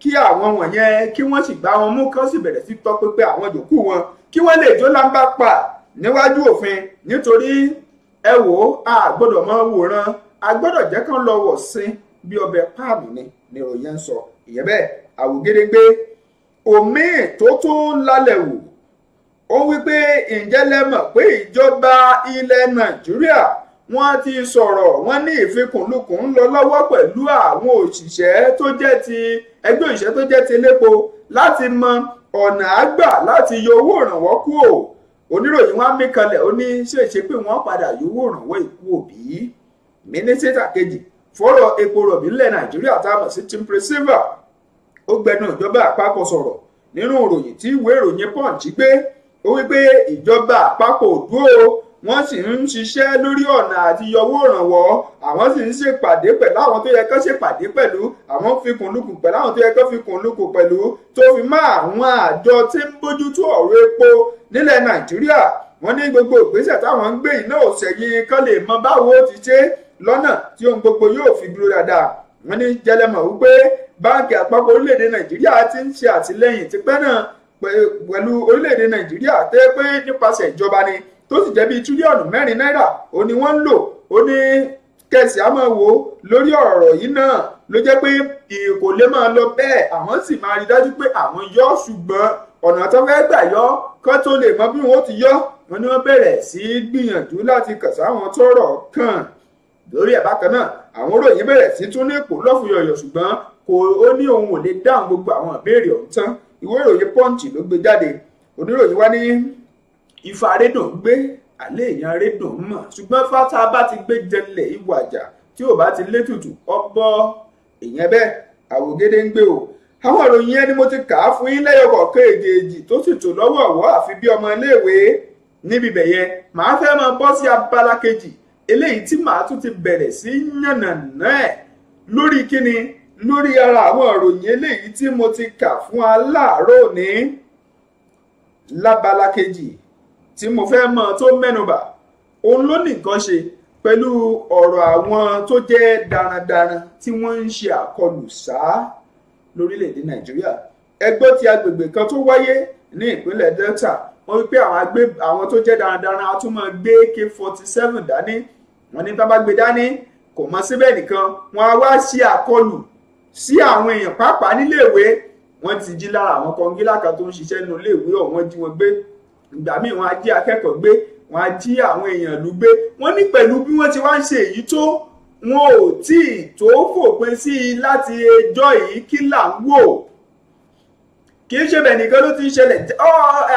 kí àwọn wọ̀nyẹn kí wọ́n sì gbá wọn mú kán sì bẹ̀rẹ̀ sí tọpinpin àwọn yòókù wọn kí wọ́n lè jó lámbá pa níwájú òfin nítorí ẹ wò ó a mọ wòran a gbọ́dọ̀ jẹ́ kán lọ wọ̀ sin bí ọbẹ̀ páànù ni ni ìròyìn ń sọ ìyẹn bẹ́ẹ̀ àwògedegbe òmíì tó tún lálẹ́ wò ó wípé ǹjẹ́ lẹ mọ̀ pé ìjọba ilẹ̀ nàìjíríà wọ́n ti sọ̀rọ̀ wọ́n ní ìfikùnlukùn ń lọ lọ́wọ́ pẹ̀lú àwọn òṣìṣẹ́ tó jẹ́ ti ẹgbẹ́ òṣìṣẹ́ tó jẹ́ ti elépo láti mọ ọ̀nà àgbà láti yọ owó ìrànwọ́ kúò oníròyìn wa mí kanlẹ̀ ó ní ṣèṣe pé wọ́n padà yọ owó ìrànwọ́ ìkú òbí mínísítà kejì fọ́rọ̀ epo rọ̀bì ńlẹ̀ nàìjíríà tá a mọ̀ sí Timbre Silva ó gbẹnu ìjọba àpapọ̀ sọ̀rọ̀ nínú ìròyìn tí ìwé ìròyìn Punch gbé ó wípé ìjọba àpapọ̀ òdúró wọ́n sì ń ṣiṣẹ́ lórí ọ̀nà àti yọwọ́ ìrànwọ́ àwọn sì ń ṣèpàdé pẹ̀lú àwọn tó yẹ kán ṣèpàdé pẹ̀lú àwọn fikùn lukùn pẹ̀lú àwọn tó yẹ kán fikùn lukùn pẹ̀lú tó fi mọ́ àwọn àjọ tí ń bójútó ọ̀rọ̀ epo nílẹ̀ Nàìjíríà wọ́n ní gbogbo ìgbésẹ̀ táwọn ń gbé iná òsè yìí kán lè mọ báwo ó ti ṣe lọ́nà tí ohun gbogbo yóò fi dúró dáadáa wọ́n ní jẹlẹmọ̀ wípé báńkì àpapọ̀ orílẹ̀-èdè nàìjíríà ti ń ṣe àtìlẹ́yìn tipẹ́ náà pẹ̀lú orílẹ̀-èdè nàìjíríà tẹ́ pé nípasẹ̀ ìjọba ni tó sì jẹ́ bíi tírílíọ̀nù mẹ́rin náírà ó ní wọ́n ń lò ó ní kẹsì á máa wò lórí ọ̀rọ̀ yìí náà ló jẹ́ pé kò lè máa lọ bẹ́ẹ̀ àwọn sì máa rí dájú pé àwọn yọ ṣùgbọ́n ọ̀nà tó fẹ́ gbà yọ kán tó lè mọ bí wọ́n ti yọ wọn ni wọ́n bẹ̀rẹ̀ sí gbìyànjú láti kàn sáwọn tọ́rọ̀ kàn lórí ẹ̀ bákan náà àwọn ròyìn bẹ̀rẹ̀ sí tún ní kò lọ́fùyọ̀yọ̀ ṣùgbọ́n kò ó ní òun ò lè dáhùn gbogbo àwọn ìbéèrè ọ̀hún tán ìwé ìròyìn pọ́ǹtì ló gbé jáde oníròyìn wá ní ifá rédùn gbé àlẹ́ èèyàn rédùn mọ̀ ṣùgbọ́n fata bá ti gbé jẹlẹ̀ ìwà àjà tí ò bá ti létùtù ọbọ èèyàn bẹ́ẹ̀ àwògede ń gbé o àwọn ìròyìn yẹn ni mo ti kà á fún yín lẹ́yọ̀ kọ̀ọ̀kan èjèèjì tó sì tò lọ́wọ́ ọ̀wọ́ àfi bí ọmọ iléèwé níbi bẹ̀yẹn màá fẹ́ máa bọ́ sí abala kejì eléyìí tí màá tún ti bẹ̀rẹ̀ sí yànnàná ẹ̀ lórí kíni lórí ara àwọn ìròyìn eléyìí tí mo ti kà fún aláàárọ̀ ní lábala kejì tí mo fẹ́ mọ̀ tó mẹ́nubà òun ló ní nǹkan ṣe pẹ̀lú ọ̀rọ̀ àwọn tó jẹ́ darandaran tí wọ́n ń ṣe àkọlù sáà lórílẹ̀‐èdè nàìjíríà ẹgbẹ́ ti agbègbè kan tó wáyé ní ìpínlẹ̀ delta wọ́n wí àwọn tó jẹ́ darandaran a tún máa gbé ak forty seven dání wọ́n ní tán bá gbé dání kò mọ síbẹ̀ nìkan wọ́n á wá sí àkọlù sí àwọn èèyàn pàápàá níléèwé wọ́n ti jí lára àwọn kọngílà kan tó ń ṣiṣẹ́ nínú iléèwé ọ̀hún jí wọn gbé ìgbà míì wọ́n á jí akẹ́kọ̀ọ́ gbé wọ́n á jí àwọn èèyàn lù gbé wọ́n ní pẹ̀lú bí wọ́n ti wá ń ṣe èyí tó wọn ò tí ì tó fòpin sí i láti ẹjọ́ yìí kí là ń wò kì í ṣe bẹ́ẹ̀ nìkan ló ti ń ṣẹlẹ̀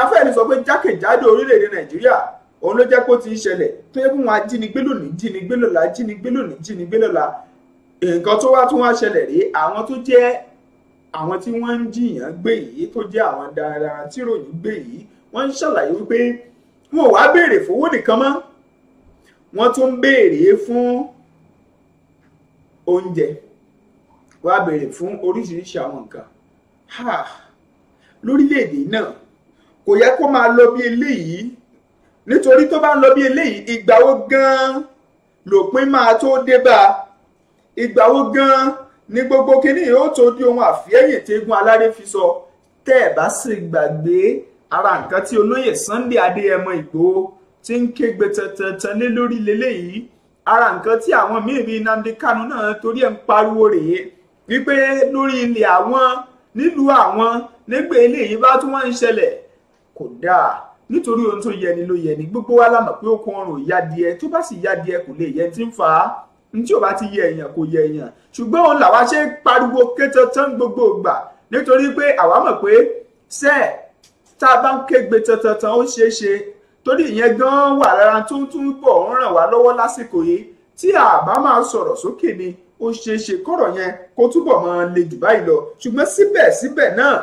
afẹ́ni sọ pé jákèjádò orílẹ̀-èdè nàìjíríà òun ló jẹ́ pé ó ti ń ṣẹlẹ̀ tó yẹ kó wọn ajínigbé lónìí jínigbé lọ́la jínigbé lónìí jínigbé lọ́la nǹkan tó wá tún wá ṣẹlẹ̀ rèé àwọn tó jẹ́ àwọn tí wọ́n ń jiyàn gbé yìí tó jẹ́ àwọn darandaran tí ròyìn gbé yìí wọ́n ń ṣàlàyé wípé wọn ò wá béèrè fowó nìkan mọ́ wọ́n tún ń béèrè fún oúnjẹ wọ́n á béèrè fún oríṣiríṣi àwọn nǹkan lórílẹ̀ náà kò yẹ kó máa lọ bí eléyìí nítorí tó bá ń lọ bí eléyìí ìgbà wo gan-an lòpin máa tó dé bá a ìgbà wo gan-an ni gbogbo kínní yóò tó di ohun àfihẹ́yìn tẹ́gun aláré fi sọ tẹ́ ẹ̀ bá sì gbàgbé ara nǹkan tí olóyè Sunday Adéyẹmọ Ìgbòho ti ń kégbe tẹ̀tẹ̀tẹ̀ lé lórí leléyìí ara nǹkan tí àwọn míì bíi Nnamdi Kanu náà torí ẹ̀ ń pariwo rèé wípé lórí ilẹ̀ àwọn nílùú àwọn nígbà eléyìí bá tún wọ́n ń ṣẹlẹ̀ kò dáa nítorí ohun tó yẹni ló yẹni gbogbo wa la mọ̀ pé okun ọrùn ìyá díẹ̀ tó bá sì yá díẹ̀ kò lè yẹ tí ń fà á ní tí ò bá ti yẹ èèyàn kò yẹ èèyàn ṣùgbọ́n òun làwa ṣe ń pariwo kété tán gbogbo ìgbà nítorí pé àwa mọ̀ pé sẹ́ẹ̀ tá a bá ń kégbe tantan ó ṣeé ṣe torí ìyẹn gan wà lára tó ń tún bọ̀ ń ràn wá lọ́wọ́ lásìkò yìí tí a máa sọ̀rọ̀ sókè ni ó ṣeé ṣe kọ̀rọ̀ yẹn kó túbọ̀ máa le jù báyìí lọ ṣùgbọ́n síbẹ̀síbẹ̀ náà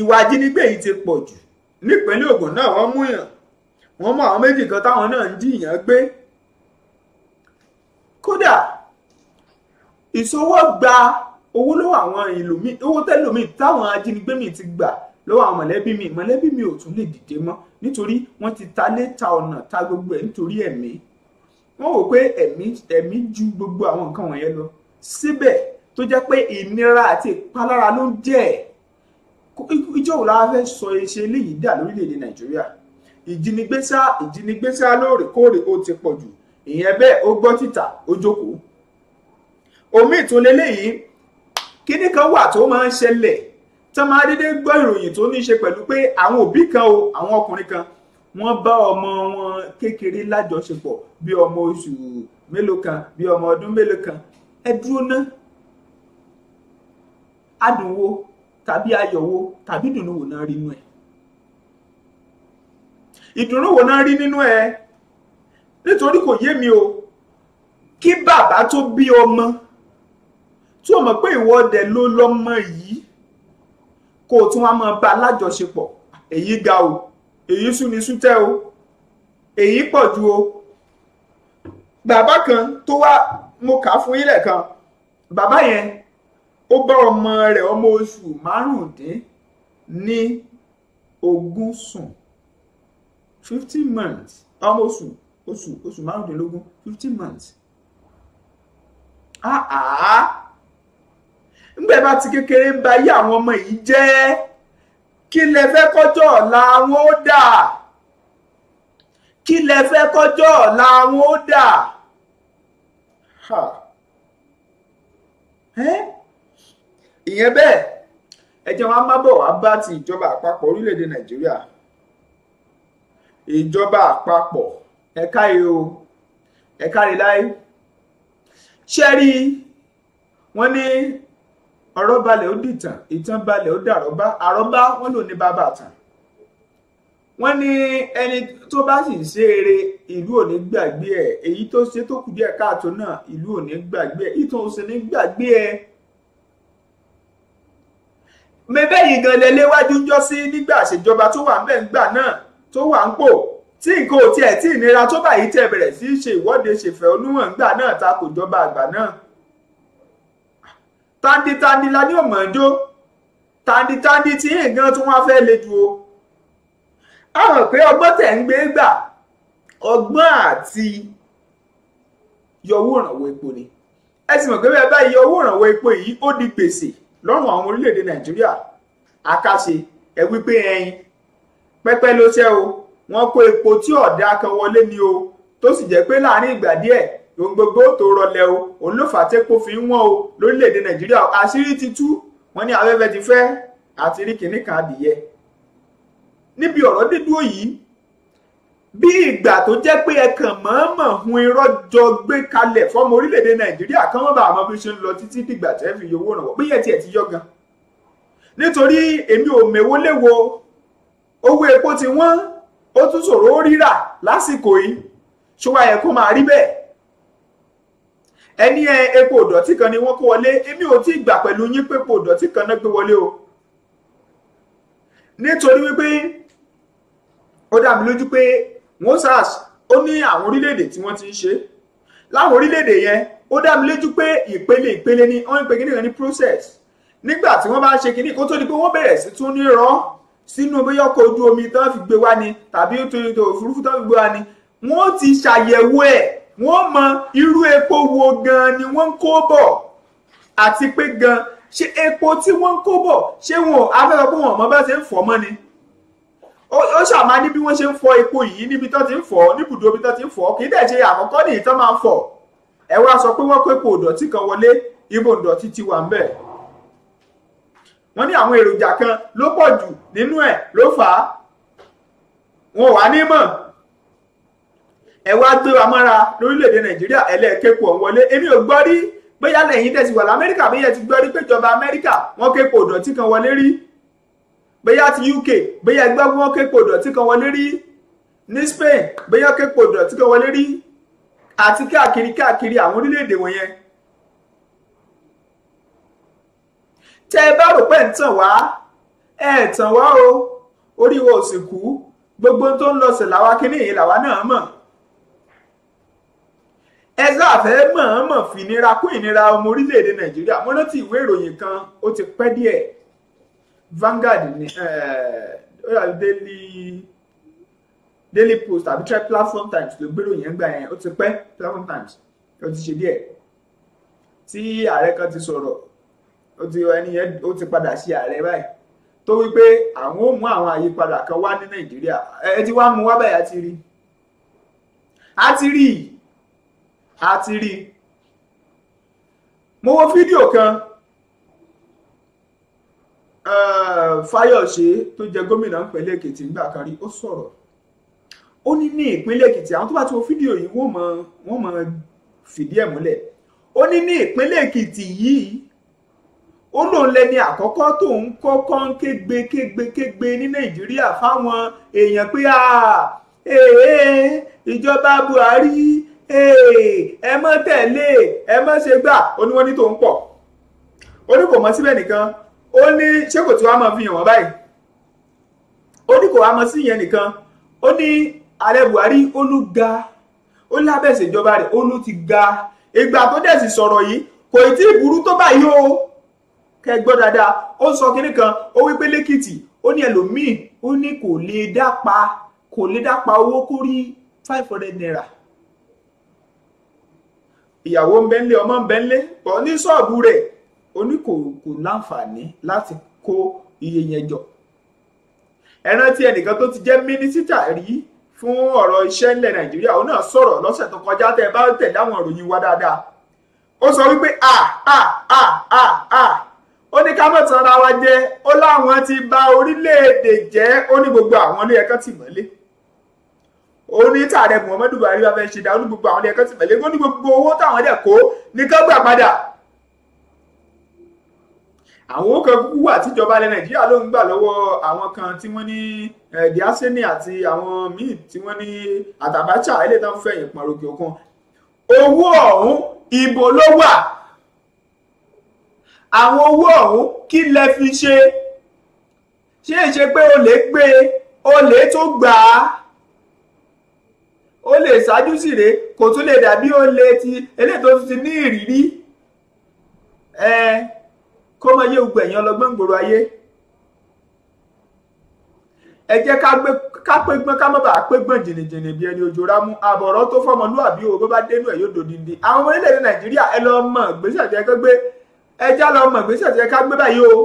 ìwà ajínigbé yìí ti pọ̀ jù nípínlẹ̀ Ògùn náà wọ́n mú yàn wọ́n mú àwọn méjì kan táwọn náà ń dìyàn gbé kódà ìṣòwò gba owó lọ́wọ́ àwọn ìlú mi owó tẹ́lómi táwọn ajínigbé mi ti gbà lọ́wọ́ àwọn mọ̀lẹ́bí mi mọ̀lẹ́bí mi ò tún lè dìde mọ́ nítorí wọ́n ti ta lé ta ọ̀nà ta gbogbo ẹ̀ nítorí ẹ̀mí wọ́n wò pé ẹ̀mí ẹ̀mí ju gbogbo àwọn nǹkan wọ̀nyẹn lọ síbẹ̀ tó jẹ́ pé ìnira àti ìpalára ló ń jẹ́ ẹ̀ ìjọ wo la fẹ́ sọ iṣẹ́ eléyìí dà lórílẹ̀‐èdè nàìjíríà ìjínigbé sá ìjínigbé sá lóòrèkóòrè ó ti pọ̀ jù ìyẹn bẹ́ẹ̀ ó gbọ́ títà ó jókòó omi ìtúnlélẹ́yìí kíní kan wà tó máa ń ṣẹlẹ̀ tó máa dédé gbọ́ ìròyìn tó ní í ṣe pẹ̀lú pé àwọn òbí kan o àwọn ọkùnrin kan wọ́n bá ọmọ wọn kékeré lájọṣepọ̀ bí ọmọ oṣù mélòó kan bí ọmọ ọdún mélòó kan ẹ dúró ná adùn wo tàbí ayọ̀ wo tàbí ìdùnnú wo náà rí nínú ẹ̀ ìdùnnú wo náà rí nínú ẹ̀ nítorí kò yé mi o kí bàbá tó bí ọmọ tí o mọ̀ pé ìwọ ọdẹ ló lọ́mọ yìí kó tún wá máa bá alájọṣepọ̀ èyí ga o èyí súni o èyí pọ̀ ju o bàbá kan tó wá mo kà á fún yín lẹ́ẹ̀kan bàbá yẹn ó bá ọmọ rẹ̀ ọmọ oṣù márùndín ní ogún sùn fifteen months ọmọ oṣù oṣù oṣù márùndínlógún fifteen months ah ah ńgbẹ bá ti kékeré ń ba ayé àwọn ọmọ yìí jẹ́ kí lẹ fẹ́ kọjọ́ ọ̀la wọn ó dà kí lẹ fẹ́ kọjọ́ ọ̀la wọn ó dà ha ẹ. Eh? ìyẹn bẹ́ẹ̀ ẹ jẹ́ wọn má bọ̀ wá bá ti ìjọba àpapọ̀ orílẹ̀-èdè nàìjíríà ìjọba àpapọ̀ ẹ káre o ẹ káre láyé ṣé rí wọn ní ọ̀rọ̀ balẹ̀ ó dìtàn ìtàn balẹ̀ ó dàrọ́bá àrọ́bá wọn lò ní bàbá àtàn wọn ní ẹni tó bá sì ṣe eré ìlú ò ní gbàgbé ẹ èyí tó ṣe tó kù díẹ̀ káàtó náà ìlú ò gbàgbé ẹ ìtàn ò ní gbàgbé ẹ mẹbẹ́ yìí gan lẹ́léwájú jọ sí nígbà àṣejọba tó wà ńbẹ̀ ńgbà náà tó wà ń pò tí nǹkan ò tiẹ̀ tí ìnira tó báyìí tẹ̀ bẹ̀rẹ̀ sí í ṣe ìwọ́de ṣèfẹ̀hónúhàn ńgbà náà ta kò jọba àgbà náà tanditandi la ní òmòjó tanditandi tí nǹkan tí wọ́n fẹ́ le jù a hàn pé ọgbọ́n tẹ̀ ń gbé gbà ọgbọ́n àti yọwọ́ ìrànwọ́ epo ni ẹ sì mọ̀ pé bẹ́ẹ̀ báyìí yọwọ́ ìrànwọ́ epo yìí ó di gbèsè lọ́rùn àwọn orílẹ̀-èdè nàìjíríà àkàṣe ẹ wípé ẹyin pẹ́pẹ́ ló ṣẹ́ o wọ́n kó epo tí ọ̀dà kan wọlé ni o tó sì jẹ́ pé láàrin ìgbà díẹ̀ ohun gbogbo tó rọlẹ̀ o òun ló fà tẹ́pọ̀ fi ń wọ́n o lórílẹ̀‐èdè nàìjíríà àṣírí ti tú wọ́n ní afẹ́fẹ́ ti fẹ́ àti rí kìnní kan adìyẹ níbi ọ̀rọ̀ dídúró yìí bí ìgbà tó jẹ́ pé ẹ kàn mọ̀ọ́mọ̀ hun irọ́ jọ gbé kalẹ̀ fọ́mọ orílẹ̀-èdè nàìjíríà kán mọ́ bá àmọ́ bí ṣe ń lọ títí dìgbà tẹ́ fi owó rànwọ́ bí yẹn tiẹ̀ ti yọ gan nítorí èmi ò mẹ́wó léwo owó epo ti wọ́n ó tún ṣòro ó rírà lásìkò yìí ṣùgbọ́n ẹ̀ kó máa rí bẹ́ẹ̀ ẹni epo ìdọ̀tí kan ni wọ́n kó wọlé èmi ò tí ì gbà pẹ̀lú yín pé epo ìdọ̀tí kan náà gbé wọlé o nítorí wípé ó dá lójú pé Moses, sars ó ní àwọn orílẹ̀-èdè tí wọ́n ti ń ṣe láwọn orílẹ̀-èdè yẹn ó dá mi lójú pé ìpele ìpele ni wọ́n ń pe kíní kan ní process nígbà tí wọ́n bá ń ṣe kíní kó tó di pé wọ́n bẹ̀rẹ̀ sí tún ní rán sínú bóyá ọkọ̀ ojú omi tán fi gbé wá ni tàbí ètò òfurufú tán fi gbé wá ni wọ́n ti ṣàyẹ̀wò ẹ̀ wọ́n mọ irú epo wo gan ni wọ́n ń kó bọ̀ àti pé gan ṣé epo tí wọ́n ń kó bọ̀ ṣé wọn àfẹ́fẹ́ pé wọn mọ bá ṣe ń fọ́ mọ́ ni ó ṣàmá ní bí wọ́n ṣe ń fọ epo yìí níbi tó ti ń fọ níbùdó ibi tó ti ń fọ kì í dẹ̀ ṣe àkọ́kọ́ nìyí tó máa ń fọ ẹ wá sọ pé wọ́n kó epo ìdọ̀tí kan wọlé ibo ìdọ̀tí ti wà ń bẹ̀ wọ́n ní àwọn èròjà kan ló pọ̀ jù nínú ẹ̀ ló fà á wọn ò wá ní mọ̀ ẹ wá gbé wa mọ́ra lórílẹ̀‐èdè nàìjíríà ẹlẹ́ẹ̀kẹ́pọ̀ wọlé èmi ò gbọ́ rí bóyá lẹ́yìn tẹ̀sí lamẹ́ríkà bóyá ti gbọ́ rí péjọba amẹ́ríkà wọ́n képo ìdọ̀tí kan wọlé rí bóyá ti UK bóyá ẹgbẹ́ wọn képo ìdọ̀tí kan wọlé rí ní Spain bóyá képo ìdọ̀tí kan wọlé rí àti káàkiri káàkiri àwọn orílẹ̀-èdè wọ̀nyẹn. tẹ́ ẹ bá rò pé ń tàn wá ẹ tàn wá o orí wo ò sì kú gbogbo tó ń lọ sí làwa kínní yìí làwa náà mọ̀ ẹ sáfẹ́ mọ̀ọ́mọ̀ fìnira kún ìnira ọmọ orílẹ̀-èdè Nàìjíríà mo rántí ìwé ìròyìn kan ó ti pẹ́ díẹ̀ Vanguard ni eh, ó yà daily daily post àbí try platform times ló gbèrò yẹn gbà yẹn ó ti pẹ́ platform times ó ti ṣe díẹ̀ tí ààrẹ kan ti sọ̀rọ̀ ó ti ẹni yẹn ó ti padà sí ààrẹ báyìí tó wípé àwọn ò mú àwọn àyípadà kan wá ní Nàìjíríà ẹ ti wá mú wá báyìí àti rí àti rí àti rí mo wo fídíò kan. Eh, Fáyọ̀ṣe tó jẹ gómìnà ìpínlẹ̀ Èkìtì ńgbà kan rí ó sọ̀rọ̀ ó ní ní ìpínlẹ̀ Èkìtì àwọn tó bá ti wo fídíò yìí wọ́n mọ wọ́n mọ fìdí ẹ̀ múlẹ̀ ó ní ní ìpínlẹ̀ Èkìtì yìí ó lóun lẹni àkọ́kọ́ tó ń kọ́kọ́ ń kégbe kégbe kégbe ní Nàìjíríà fáwọn èèyàn pé ìjọba Buhari ẹ mọ́ tẹ̀lé ẹ mọ́ ṣe gbà ó ní wọ́n ní tó ń pọ̀ ó ní kò mọ́ síbẹ̀ nìkan ó ní ṣé kò tí wàá máa fi hàn wọ́n báyìí ó ní kò wàá mọ sí ìyẹn nìkan ó ní ààrẹ Buhari ó ló ga ó lábẹ́sẹ̀ ìjọba rẹ̀ ó ti ga ìgbà tó dẹ̀ sì sọ̀rọ̀ yìí kò tí ì burú tó báyìí o kẹ́ gbọ́ dáadáa ó sọ kinní kan ó wí pé lẹ́kìtì ó ní ẹlòmíì ó ní kò lè dápa kò lè dápa owó kó rí five hundred naira ìyàwó ń bẹ́ńlé ọmọ ń bẹ́ńlé bọ́ ní ṣọ́ọ̀bù rẹ̀ ó ní kò kò láǹfààní láti kó iye yẹn jọ ẹ rántí ẹnìkan tó ti jẹ́ mínísítà rí fún ọ̀rọ̀ iṣẹ́ ńlẹ̀ nàìjíríà òun náà sọ̀rọ̀ lọ́sẹ̀ tó kọjá tẹ́ ẹ bá tẹ̀lé àwọn ìròyìn wa dáadáa ó sọ wípé à à à à à ó ní ká mọ̀ tanra wa jẹ ó láwọn ti bà orílẹ̀-èdè jẹ́ ó ní gbogbo àwọn ilé ẹ̀kọ́ tì mọ́lé ó ní tààrẹ muhammadu buhari wa fẹ́ ṣe dá ó ní gbogbo àwọn ilé ẹ̀kọ́ tì mọ́lé ó ní gbogbo owó táwọn dẹ̀ kó ní ká gbà padà àwọn kan kúkú wà tíjọba ilẹ̀ nàìjíríà ló ń gbà lọ́wọ́ àwọn kan tí wọ́n ní eh, díásẹ́nì àti àwọn míì tí wọ́n ní àtàbáchà eléyìí tó ń fẹ̀yìn pọ̀nrọ̀kì òkun owó ọ̀hún ibo ló wà àwọn owó ọ̀hún kí lẹ fi ṣe ṣé è ṣe pé olè gbé e? olè tó gbà á olè ṣáájú sí rèé kò tún lè dàbí olè ti eléyìí tó ti ní ìrírí ẹ. Eh, kó máa yé gbogbo ẹ̀yin ọlọ́gbọ́n gbòòrò ayé ẹ jẹ́ ká pé gbọ́n ká má bàa pé gbọ́n jìnnìjìnnì bí ẹni òjò rámú àbọ̀rọ̀ tó fọmọlúàbí o bó bá dénú ẹ̀ yóò dòdìndín àwọn ọmọ orílẹ̀-èdè nàìjíríà ẹ lọ mọ̀ gbèsè tó yẹ ká gbé ẹ já lọ mọ̀ gbèsè tó ká gbé báyìí o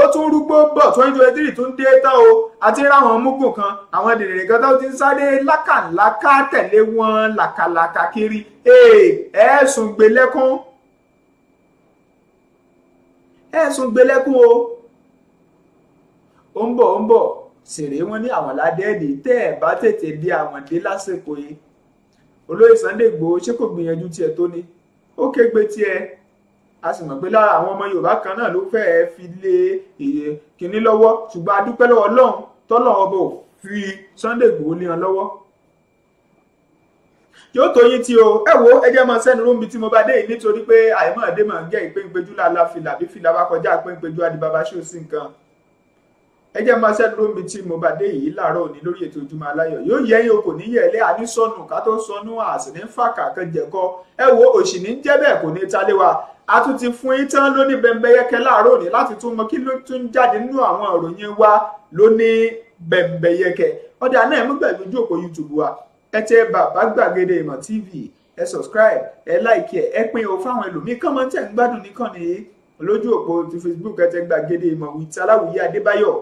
ó tún rúgbó bọ̀ twenty twenty three tún dé tán o àti ráwọn múgùn kan àwọn dèrèrè kan tó ti ń sáré lákàlákà tẹ̀lé wọn làkàlàkà kiri ẹ ẹ sùn ẹ̀sùn gbẹlẹ́kùn o ó ń bọ̀ ó ń bọ̀ sèré wọn ní àwọn ládẹ́ẹ̀dì tẹ́ ẹ̀ bá tètè dé àwọn dé lásìkò yìí olóyè Sunday Igboho ṣé kò gbìyànjú tiẹ̀ tó ni ó kégbe tiẹ̀ a sì mọ̀ pé lára àwọn ọmọ Yorùbá kan náà ló fẹ́ẹ́ fi lé èyí e, kínní lọ́wọ́ ṣùgbọ́n a dúpẹ́ lọ́wọ́ Ọlọ́run tọ́lọ́run ọba ò fi Sunday Igboho lé wọn lọ́wọ́ yóò tó yín tí o ẹ wo ẹ jẹ́ máa sẹ́nu lómi tí mo bá dé yìí nítorí pé àìmọ̀ ẹ̀dẹ́ máa ń jẹ́ ìpéǹpéjú làlá fìlà bí fìlà bá kọjá ìpéǹpéjú adìbàbà ṣó sí nǹkan ẹ jẹ́ máa sẹ́nu lómi tí mo bá dé yìí láàárọ̀ òní lórí ètò Ojúmọ́ Aláyọ̀ yóò yẹ yín o kò ní yẹ ẹlẹ́ àní ká tó sọnù àsìní fàkà kan jẹ̀kọ ẹ wo òṣì jẹ́ bẹ́ẹ̀ kò ní talé wa a tún ti fún yín tán lóní bẹ̀m̀bẹ̀yẹkẹ láàárọ̀ òní láti tún mọ kí ló tún jáde nínú àwọn ìròyìn wa lóní bẹ̀m̀bẹ̀yẹkẹ ọdẹ àná ẹ̀ mú gbẹ̀gbẹ̀jú òpó YouTube wa ẹ tẹ bàbá gbàgede ìmọ̀ tv ẹ subscribe ẹ like ẹ ẹ pín o fáwọn ẹlòmíín kàn mọ́ tẹ̀ ń gbádùn nìkan ní lójú òpó ti facebook ẹ tẹ gbàgede ìmọ̀ with aláwìyé adébáyọ̀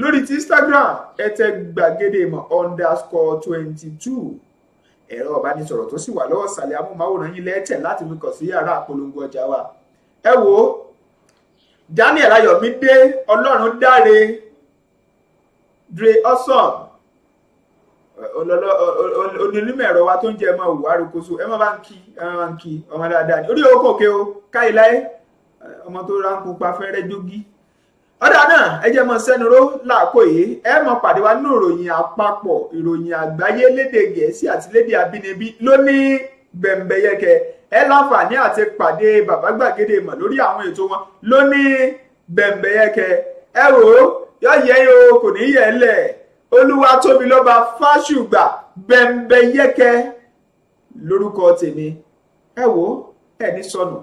lórí ti instagram ẹ tẹ gbàgede ìmọ̀ underscore twenty two ẹ̀rọ ọ̀bánisọ̀rọ̀ tó sì wà lọ́wọ́ sàlẹ̀ amóhùnmáwòrán yín lẹ́tẹ̀ láti fi kàn sí yàrá àpolongo ọjà wa ẹ wo Daniel Ayọ̀mídé Ọlọ́run dáre Dre awesome onílùmẹ̀rọ wa tó ń jẹ ẹmọ òwò arokoso ẹ bá ń kí ẹ bá ń kí ọmọ dáadáa ni orí okòkè o káyìí láyé ọmọ tó ránkù pa fẹ́rẹ́ jógí ọ̀dà náà ẹ jẹ́ mọ sẹ́nuró làákò yìí ẹ mọ pàdé wa nínú ìròyìn àpapọ̀ ìròyìn àgbáyé lédè gẹ̀ẹ́sì àti lédè abínibí lónìí gbẹ̀mbẹ̀yẹkẹ ẹ láǹfààní àti pàdé bàbá gbàgede ìmọ̀ lórí àwọn ètò wọn lónìí gbẹ̀mbẹ̀yẹkẹ ẹ wò ó yọ yẹ yìí kò ní yẹ ẹ lẹ̀ olúwatóbi lọ́ba fáṣùgbà bẹ̀m̀bẹ̀yẹ́kẹ́ lórúkọ tèmi ẹ wo ẹ ní sọnù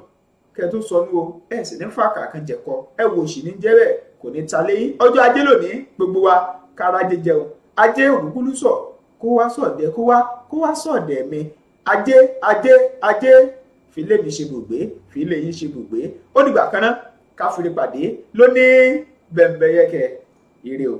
kẹ tó sọnù o ẹ sì ní fàkà kan jẹkọ ẹ wo sì ní jẹ bẹ́ẹ̀ kò ní ta lẹ́yìn ọjọ́ ajé lónìí gbogbo wa kára jẹjẹ o ajé òkúkúlù sọ kó wá sọdẹ kó wá kó wá sọdẹ mi ajé ajé ajé fìlẹ mi ṣe bùgbé fìlẹ yìí ṣe bùgbé ó dìgbà kan náà ká fìrí pàdé lónìí bẹ̀m̀bẹ̀yẹ́kẹ́ ire o.